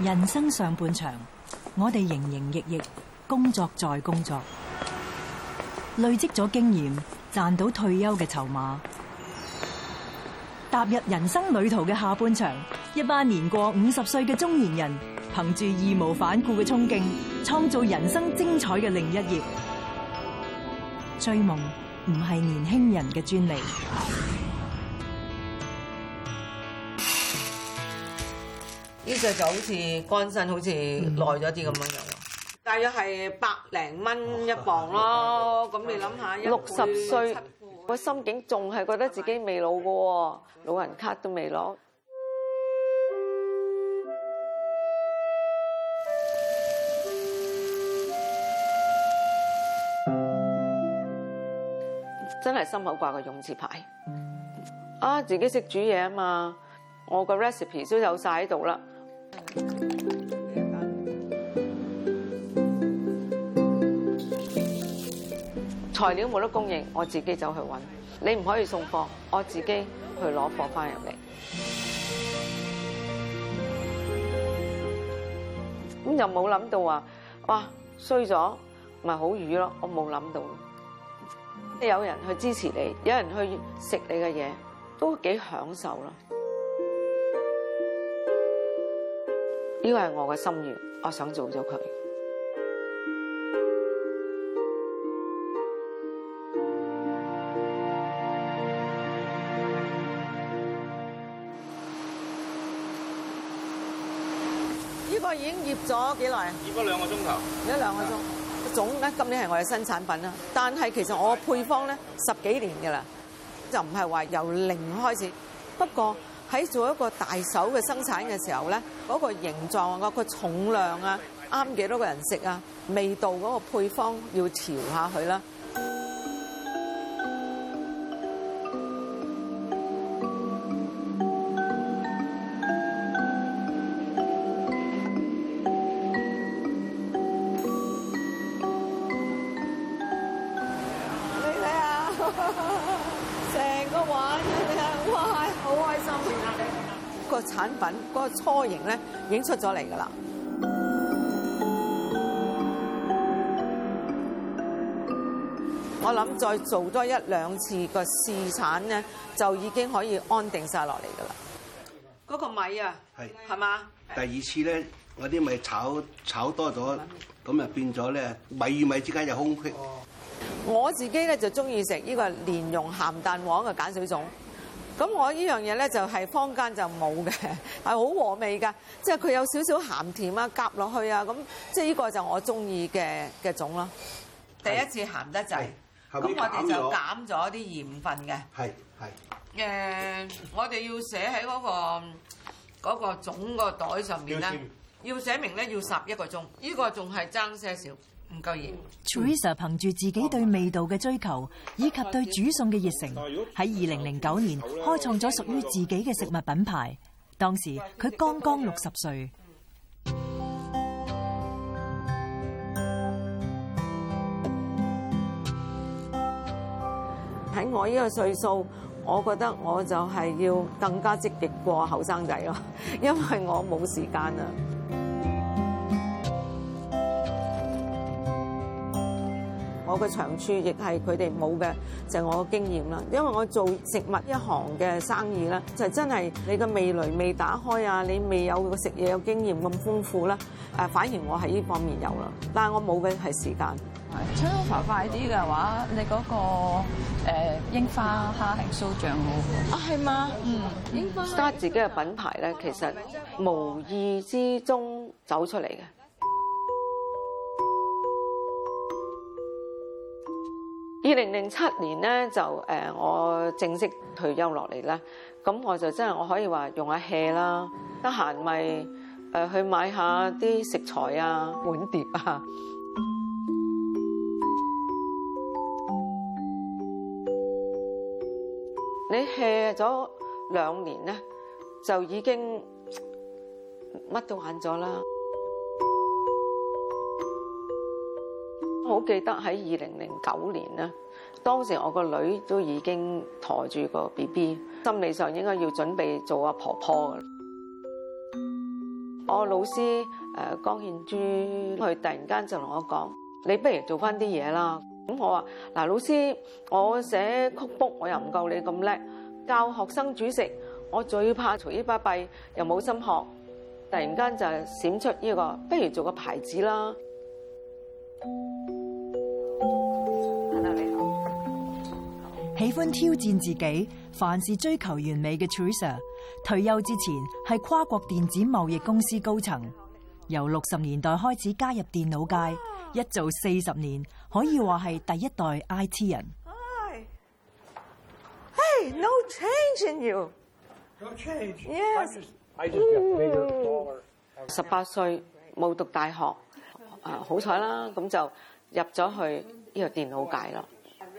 人生上半場，我哋營營役役，工作再工作，累積咗經驗，賺到退休嘅籌碼。踏入人生旅途嘅下半場，一班年過五十歲嘅中年人，憑住義無反顧嘅衝勁，創造人生精彩嘅另一頁。追夢唔係年輕人嘅專利。呢隻就好似乾身，好似耐咗啲咁樣樣，嗯、大約係百零蚊一磅咯。咁、哦就是、你諗下，六十歲，個心境仲係覺得自己未老噶喎，嗯、老人卡都未攞，嗯、真係心口掛個勇字牌。啊，自己識煮嘢啊嘛，我個 recipe 都有晒喺度啦。材料冇得供應，我自己走去揾。你唔可以送貨，我自己去攞貨翻入嚟。咁就冇諗到話，哇，衰咗咪好瘀咯。我冇諗到，即有人去支持你，有人去食你嘅嘢，都幾享受咯。呢個係我嘅心願，我想做咗佢。呢個已經醃咗幾耐啊？醃咗兩個鐘頭，醃咗兩個鐘。總咧，今年係我嘅新產品啦。但係其實我嘅配方咧的十幾年嘅啦，就唔係話由零開始。不過喺做一個大手嘅生產嘅時候咧。嗰個形狀啊，嗰、嗰個重量啊，啱幾多個人食啊？味道嗰個配方要調下佢啦。個雛形咧已經出咗嚟㗎啦，我諗再做多一兩次個試產咧，就已經可以安定晒落嚟㗎啦。嗰個米啊，係係嘛？第二次咧，嗰啲米炒炒多咗，咁就變咗咧，米與米之間有空隙。我自己咧就中意食呢個蓮蓉鹹蛋黃嘅鹼水粽。咁我呢樣嘢咧就係坊間就冇嘅，係好和味噶，即係佢有少少鹹甜啊，夾落去啊，咁即係呢個就我中意嘅嘅種咯。是第一次鹹得滯，咁我哋就減咗啲鹽分嘅。係係誒，我哋要寫喺嗰個嗰個種個袋上面咧，要寫,要寫明咧要十一個鐘，呢個仲係爭些少。唔夠熱。Theresa 憑住自己對味道嘅追求，以及對煮餸嘅熱誠，喺二零零九年開創咗屬於自己嘅食物品牌。當時佢剛剛六十歲。喺我呢個歲數，我覺得我就係要更加積極過後生仔咯，因為我冇時間啦。我嘅長處亦係佢哋冇嘅，就係我嘅經驗啦。因為我做食物一行嘅生意咧，就係真係你嘅味蕾未打開啊，你未有食嘢有經驗咁豐富啦。誒反而我喺呢方面有啦。但係我冇嘅係時間，啊。出得快啲嘅話，你嗰個誒櫻花蝦係蘇醬好啊，嗎、嗯、啊？係嘛？嗯，櫻花。揸自己嘅品牌咧，其實無意之中走出嚟嘅。二零零七年咧，就誒我正式退休落嚟啦。咁我就真係我可以話用下 hea 啦，得閒咪誒去買下啲食材啊，碗碟啊。你 hea 咗兩年咧，就已經乜都玩咗啦。好記得喺二零零九年咧，當時我個女都已經抬住個 B B，心理上應該要準備做阿婆婆。我老師誒江獻珠佢突然間就同我講：你不如做翻啲嘢啦。咁我話：嗱，老師，我寫曲譜我又唔夠你咁叻，教學生煮食我最怕嘈喧巴閉，又冇心學。突然間就閃出呢個，不如做個牌子啦。喜歡挑戰自己，凡事追求完美嘅 Theresa 退休之前係跨國電子貿易公司高層，由六十年代開始加入電腦界，一做四十年，可以話係第一代 IT 人。Hi. Hey，no change in you，no change。Yes，十八歲冇讀大學，啊好彩啦，咁就入咗去呢個電腦界啦。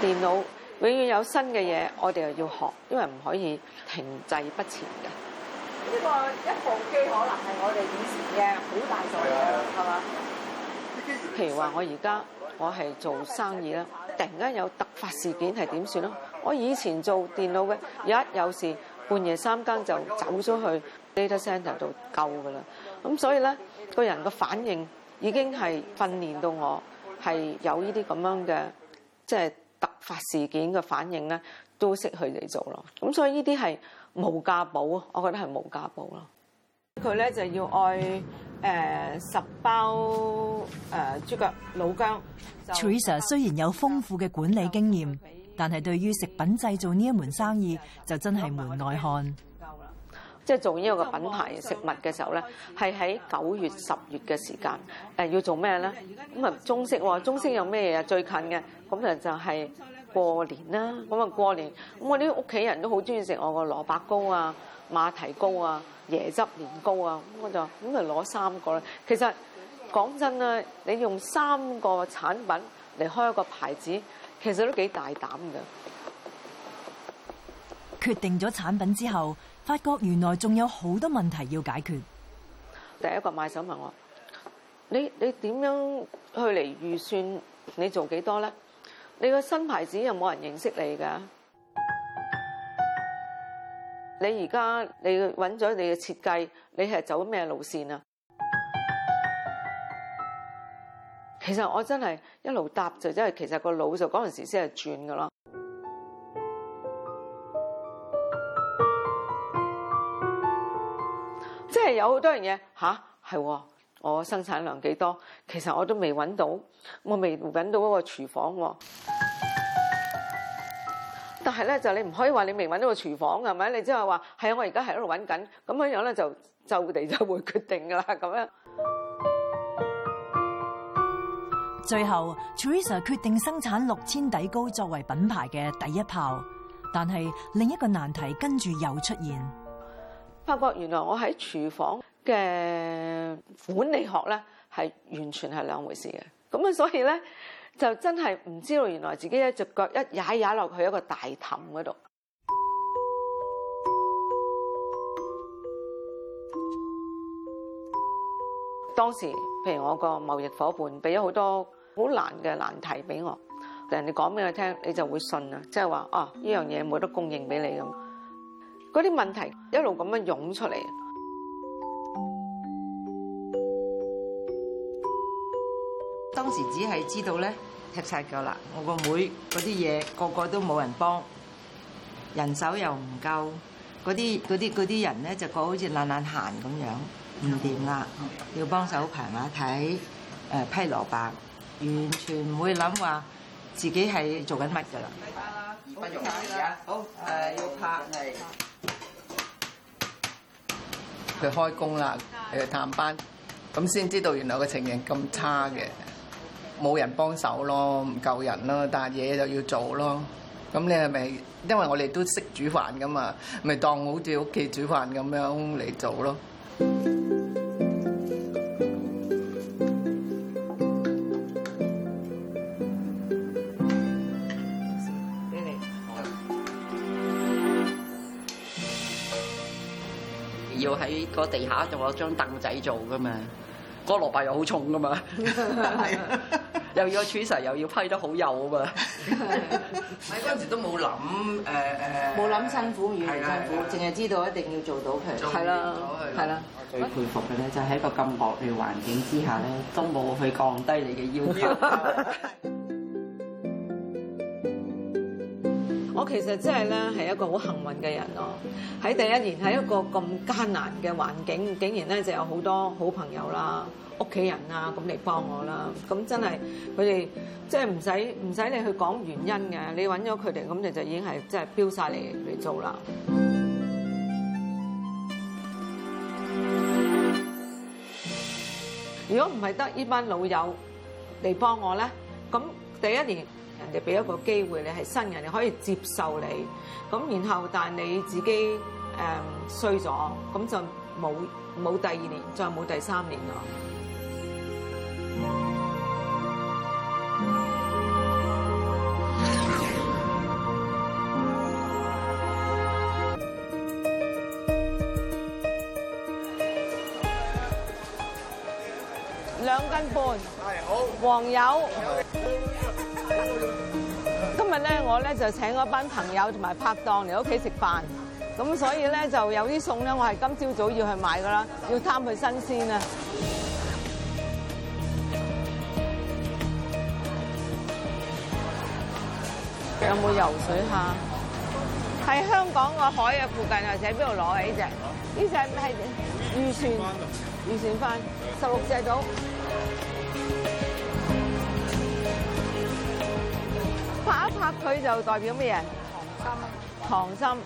電腦永遠有新嘅嘢，我哋又要學，因為唔可以停滯不前嘅。呢個一部機可能係我哋以前嘅好大助力，係嘛的？譬吧如話我而家我係做生意啦，突然間有突發事件係點算咯？我以前做電腦嘅，一有事半夜三更就走咗去 data center 度救㗎啦。咁所以咧，個人個反應已經係訓練到我係有呢啲咁樣嘅，即係。突發事件嘅反應咧，都識佢哋做咯。咁所以呢啲係無價寶，我覺得係無價寶咯。佢咧就要愛誒、呃、十包誒、呃、豬腳老薑。Teresa 雖然有豐富嘅管理經驗，但係對於食品製造呢一門生意，就真係門外漢。即係做呢個品牌食物嘅時候咧，係喺九月、十月嘅時間誒，要做咩咧？咁啊，中式喎，中式有咩嘢啊？最近嘅咁就就係過年啦。咁啊過年，咁我啲屋企人都好中意食我個蘿蔔糕啊、馬蹄糕啊、椰汁年糕啊。咁我就咁咪攞三個啦。其實講真呀，你用三個產品嚟開一個牌子，其實都幾大膽噶。決定咗產品之後，發覺原來仲有好多問題要解決。第一個買手問我：你你點樣去嚟預算你做多？你做幾多咧？你個新牌子又沒有冇人認識你噶？你而家你搵咗你嘅設計，你係走咩路線啊？其實我真係一路搭就，因為其實個腦就嗰陣時先係轉噶咯。即係有好多樣嘢吓？係、啊、我生產量幾多？其實我都未揾到，我未揾到嗰個廚房。但係咧，就你唔可以話你未揾到個廚房，係咪？你即係話係啊？我而家喺度揾緊，咁樣樣咧就就地就會決定㗎啦，咁樣。最後 Theresa 決定生產六千底糕作為品牌嘅第一炮，但係另一個難題跟住又出現。發覺原來我喺廚房嘅管理學咧係完全係兩回事嘅，咁啊所以咧就真係唔知道原來自己一隻腳一踩踩落去一個大氹嗰度。當時譬如我個貿易伙伴俾咗好多好難嘅難題俾我，人哋講俾我聽，你就會信啊，即係話哦呢樣嘢冇得供應俾你咁。嗰啲問題一路咁樣湧出嚟。當時只係知道咧踢晒腳啦，我個妹嗰啲嘢個個都冇人幫，人手又唔夠，嗰啲啲啲人咧就覺得好似懶懶閒咁樣，唔掂啦，要幫手排下睇，誒、呃、批蘿蔔，完全唔會諗話自己係做緊乜噶啦。好，誒、呃、要拍。佢開工啦，佢去探班，咁先知道原來個情形咁差嘅，冇人幫手咯，唔夠人咯，但係嘢就要做咯。咁你係咪？因為我哋都識煮飯噶嘛，咪當我好似屋企煮飯咁樣嚟做咯。要喺個地下有一張凳仔做噶嘛，個蘿蔔又好重噶嘛， 又要穿成、er, 又要批得好幼啊嘛，喺嗰陣時都冇諗誒誒，冇諗辛苦唔辛苦，淨係知道一定要做到佢的，係啦，係啦。我最佩服嘅咧，就係喺個咁惡劣環境之下咧，都冇去降低你嘅要求。 我其實真係咧，係一個好幸運嘅人咯。喺第一年喺一個咁艱難嘅環境，竟然咧就有好多好朋友啦、屋企人啊，咁嚟幫我啦。咁真係佢哋即係唔使唔使你去講原因嘅，你揾咗佢哋，咁你就已經係即係標曬嚟嚟做啦。如果唔係得呢班老友嚟幫我咧，咁第一年。人哋俾一個機會你係新人，你可以接受你，咁然後但係你自己誒衰咗，咁、呃、就冇冇第二年，再冇第三年咯。斤半，好黃油。今日咧，我咧就請嗰班朋友同埋拍檔嚟屋企食飯，咁所以咧就有啲餸咧，我係今朝早，早要去買噶啦，要貪佢新鮮啊！有冇游水下？喺香港個海嘅附近，或者喺邊度攞起呢隻？呢隻係漁船漁船，翻十六隻到。黑佢就代表咩嘢？溏心。溏心。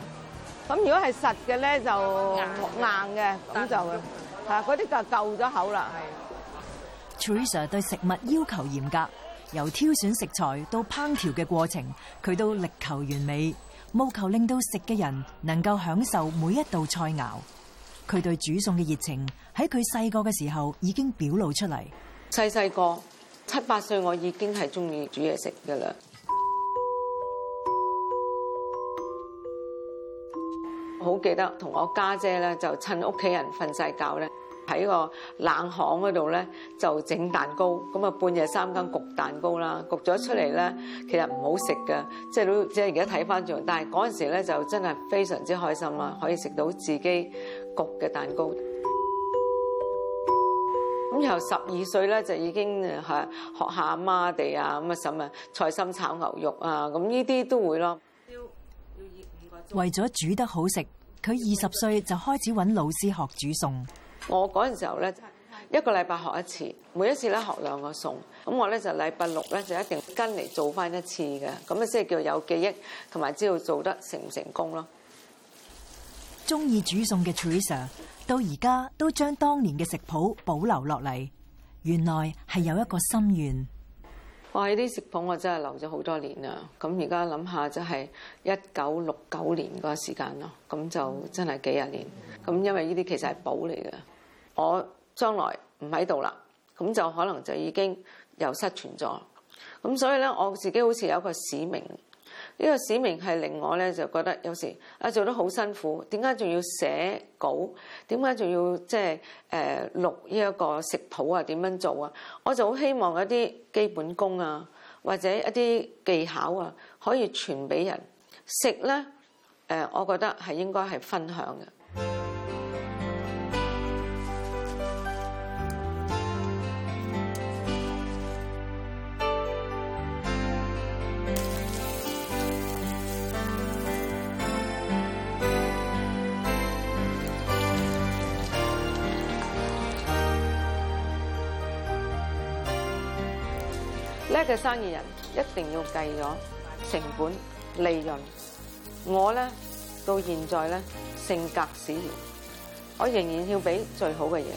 咁如果係實嘅咧，就硬嘅，咁的就吓嗰啲就夠咗口啦。係。Theresa 對食物要求嚴格，由挑選食材到烹調嘅過程，佢都力求完美，務求令到食嘅人能夠享受每一道菜肴。佢對煮餸嘅熱情喺佢細個嘅時候已經表露出嚟。細細個七八歲，我已經係中意煮嘢食噶啦。好記得同我家姐咧，就趁屋企人瞓晒覺咧，喺個冷巷嗰度咧就整蛋糕。咁啊，半夜三更焗蛋糕啦，焗咗出嚟咧，其實唔好食嘅，即係都即係而家睇翻住。但係嗰陣時咧，就真係非常之開心啦，可以食到自己焗嘅蛋糕。咁由十二歲咧就已經啊學下媽哋啊咁啊餸啊菜心炒牛肉啊咁呢啲都會咯。為咗煮得好食，佢二十歲就開始揾老師學煮餸。我嗰陣時候咧，一個禮拜學一次，每一次咧學兩個餸。咁我咧就禮拜六咧就一定跟嚟做翻一次嘅。咁啊，即係叫有記憶，同埋知道做得成唔成功咯。中意煮餸嘅 Theresa 到而家都將當年嘅食譜保留落嚟，原來係有一個心願。我呢啲食譜，我真係留咗好多年啦。咁而家諗下，就係一九六九年嗰個時間咯。咁就真係幾廿年。咁因為呢啲其實係寶嚟嘅，我將來唔喺度啦，咁就可能就已經又失傳咗。咁所以咧，我自己好似有一個使命。呢個使命係令我咧就覺得有時啊做得好辛苦，點解仲要寫稿？點解仲要即係誒錄呢一個食譜啊？點樣做啊？我就好希望一啲基本功啊，或者一啲技巧啊，可以傳俾人食咧。誒、呃、我覺得係應該係分享嘅。叻嘅生意人一定要計咗成本利潤、利潤。我咧到現在咧性格使然，我仍然要俾最好嘅嘢人。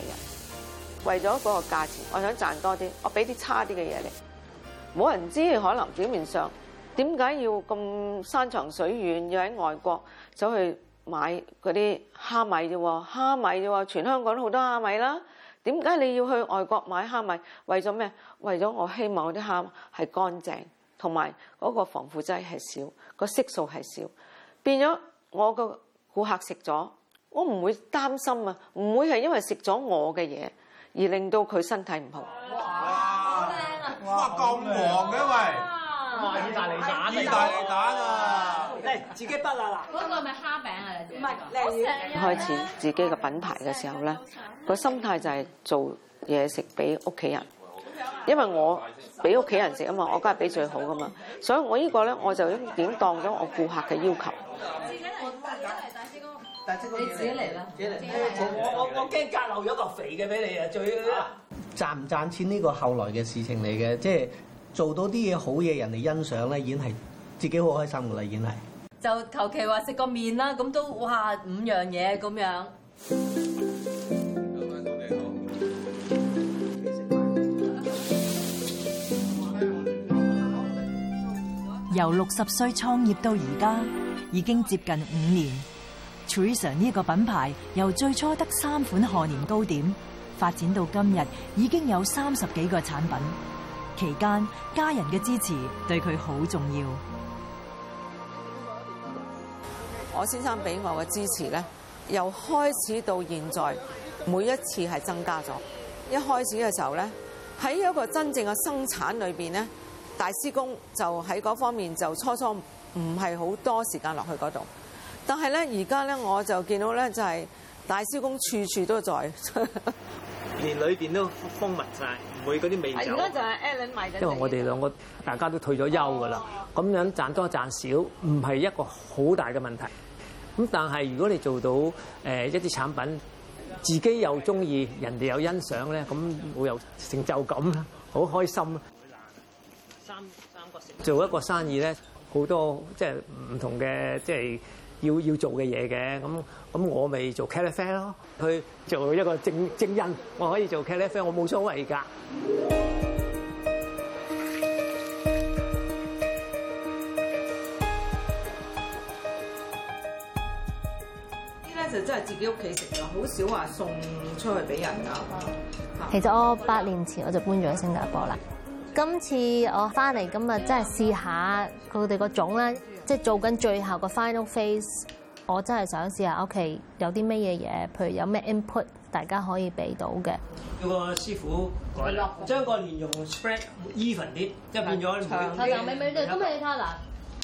為咗嗰個價錢，我想賺多啲，我俾啲差啲嘅嘢你。冇人知，可能表面上點解要咁山長水遠，要喺外國走去買嗰啲蝦米啫喎，蝦米啫喎，全香港都好多蝦米啦。點解你要去外國買蝦米？為咗咩？為咗我希望啲蝦係乾淨，同埋嗰個防腐劑係少，個色素係少。變咗我個顧客食咗，我唔會擔心啊！唔會係因為食咗我嘅嘢而令到佢身體唔好。哇！咁靚哇啊！哇！咁黃嘅喂，意大利蛋意大利蛋啊！自己得啦嗱，嗰個咪蝦餅啊！唔係，你開始自己嘅品牌嘅時候咧，個心態就係做嘢食俾屋企人，因為我俾屋企人食啊嘛，我梗係俾最好噶嘛，所以我呢個咧我就已經當咗我顧客嘅要求。你自己嚟，我我我我驚隔漏咗個肥嘅俾你啊！最賺唔賺錢呢個後來嘅事情嚟嘅，即係做到啲嘢好嘢人哋欣賞咧，已經係自己好開心噶啦，已經係。就求其話食個麵啦，咁都哇五樣嘢咁樣。由六十歲創業到而家，已經接近五年。Theresa 呢個品牌由最初得三款賀年糕點，發展到今日已經有三十幾個產品。期間家人嘅支持對佢好重要。我先生俾我嘅支持咧，由開始到現在，每一次係增加咗。一開始嘅時候咧，喺一個真正嘅生產裏邊咧，大師工就喺嗰方面就初初唔係好多時間落去度。但係咧，而家咧我就見到咧，就係大師工處處都在，呵呵連裏邊都封密晒，唔會嗰啲味走。係因為我哋兩個大家都退咗休㗎啦，咁、哦、樣賺多賺少唔係一個好大嘅問題。咁但係如果你做到誒一啲產品自己又中意，人哋又欣賞咧，咁會有成就感，好開心。三,三個做一個生意咧，好多即係唔同嘅即係要要做嘅嘢嘅，咁咁我咪做茄哩啡咯，去做一個正正印，我可以做茄哩啡，我冇所謂㗎。就真係自己屋企食，好少話送出去俾人噶、啊嗯。其實我八年前我就搬咗去新加坡啦。今次我翻嚟咁啊，真係試下佢哋個種咧，即係做緊最後個 final phase。我真係想試下屋企有啲咩嘢嘢，譬如有咩 input，大家可以俾到嘅。個師傅改咯，將個蓮蓉 spread even 啲，是即係變咗長。美美你都未睇下喇。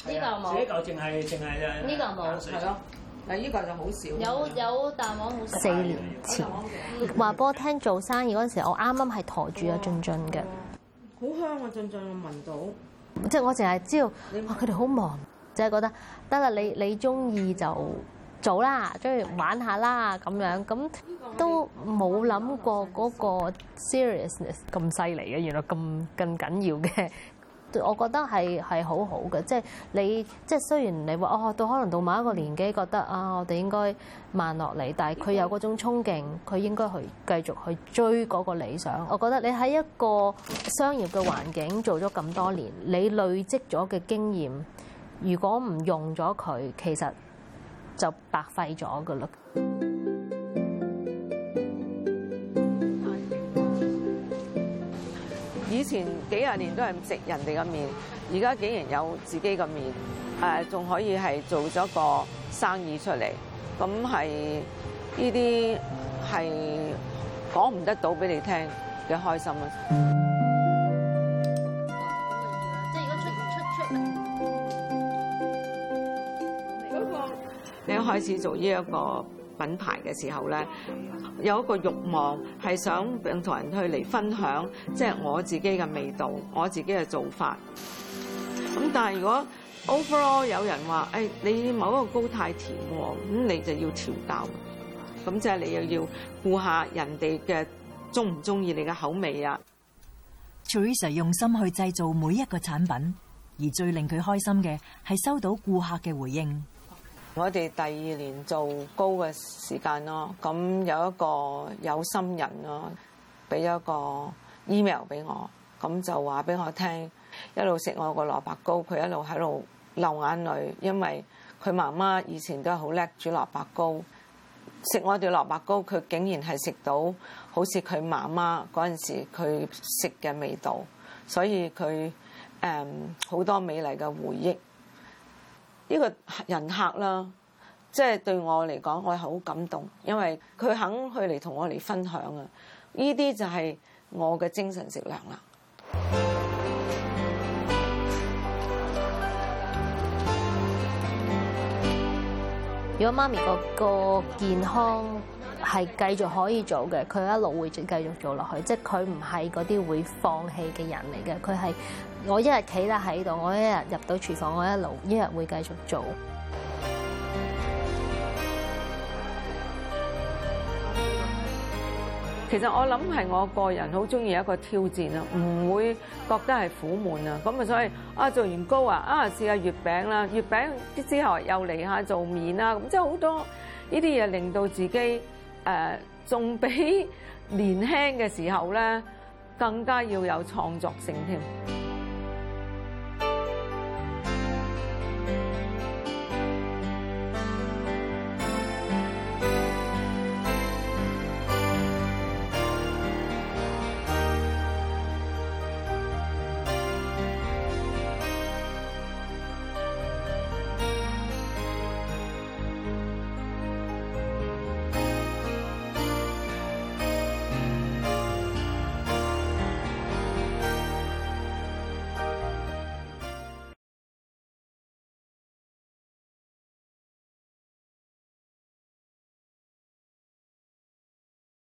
呢嚿冇？呢嚿淨係淨係誒。呢嚿冇？係咯。嗱，依個就好少。有有蛋黃好四年前，話俾我聽做生意嗰陣時候，我啱啱係陀住阿俊俊嘅，好香啊！俊俊我聞到，即係我淨係知道，哇！佢哋好忙，就係覺得得啦，你你中意就做啦，中意玩下啦咁樣，咁都冇諗過嗰個 seriousness 咁犀利嘅，原來咁咁緊要嘅。我覺得係係好好嘅，即係你即係雖然你話哦，到可能到某一個年紀覺得啊，我哋應該慢落嚟，但係佢有嗰種衝勁，佢應該去繼續去追嗰個理想。我覺得你喺一個商業嘅環境做咗咁多年，你累積咗嘅經驗，如果唔用咗佢，其實就白費咗㗎啦。前幾十年都係食人哋嘅面，而家竟然有自己嘅面，誒仲可以係做咗個生意出嚟，咁係呢啲係講唔得到俾你聽嘅開心啊。即係如果出出出，嗰個你一開始做呢一個品牌嘅時候咧。有一個慾望係想同人去嚟分享，即係我自己嘅味道，我自己嘅做法。咁但係如果 overall 有人話，誒，你某一個糕太甜喎，咁你就要調教。咁即係你又要顧下人哋嘅中唔中意你嘅口味啊。Theresa 用心去製造每一個產品，而最令佢開心嘅係收到顧客嘅回應。我哋第二年做糕嘅時間咯，咁有一個有心人咯，俾咗一個 email 俾我，咁就話俾我聽，一路食我個蘿蔔糕，佢一路喺度流眼淚，因為佢媽媽以前都係好叻煮蘿蔔糕，食我哋蘿蔔糕，佢竟然係食到好似佢媽媽嗰陣時佢食嘅味道，所以佢誒好多美麗嘅回憶。呢個人客啦，即係對我嚟講，我係好感動，因為佢肯去嚟同我嚟分享啊！呢啲就係我嘅精神食糧啦。如果媽咪個個健康，係繼續可以做嘅，佢一路會繼續做落去，即係佢唔係嗰啲會放棄嘅人嚟嘅。佢係我一日企得喺度，我一日入到廚房，我一路一日會繼續做。其實我諗係我個人好中意一個挑戰啊，唔會覺得係苦悶啊。咁啊，所以啊，做完糕啊，啊試下月餅啦，月餅啲之後又嚟下做麵啦，咁即係好多呢啲嘢令到自己。誒，仲比年輕嘅時候咧，更加要有創作性添。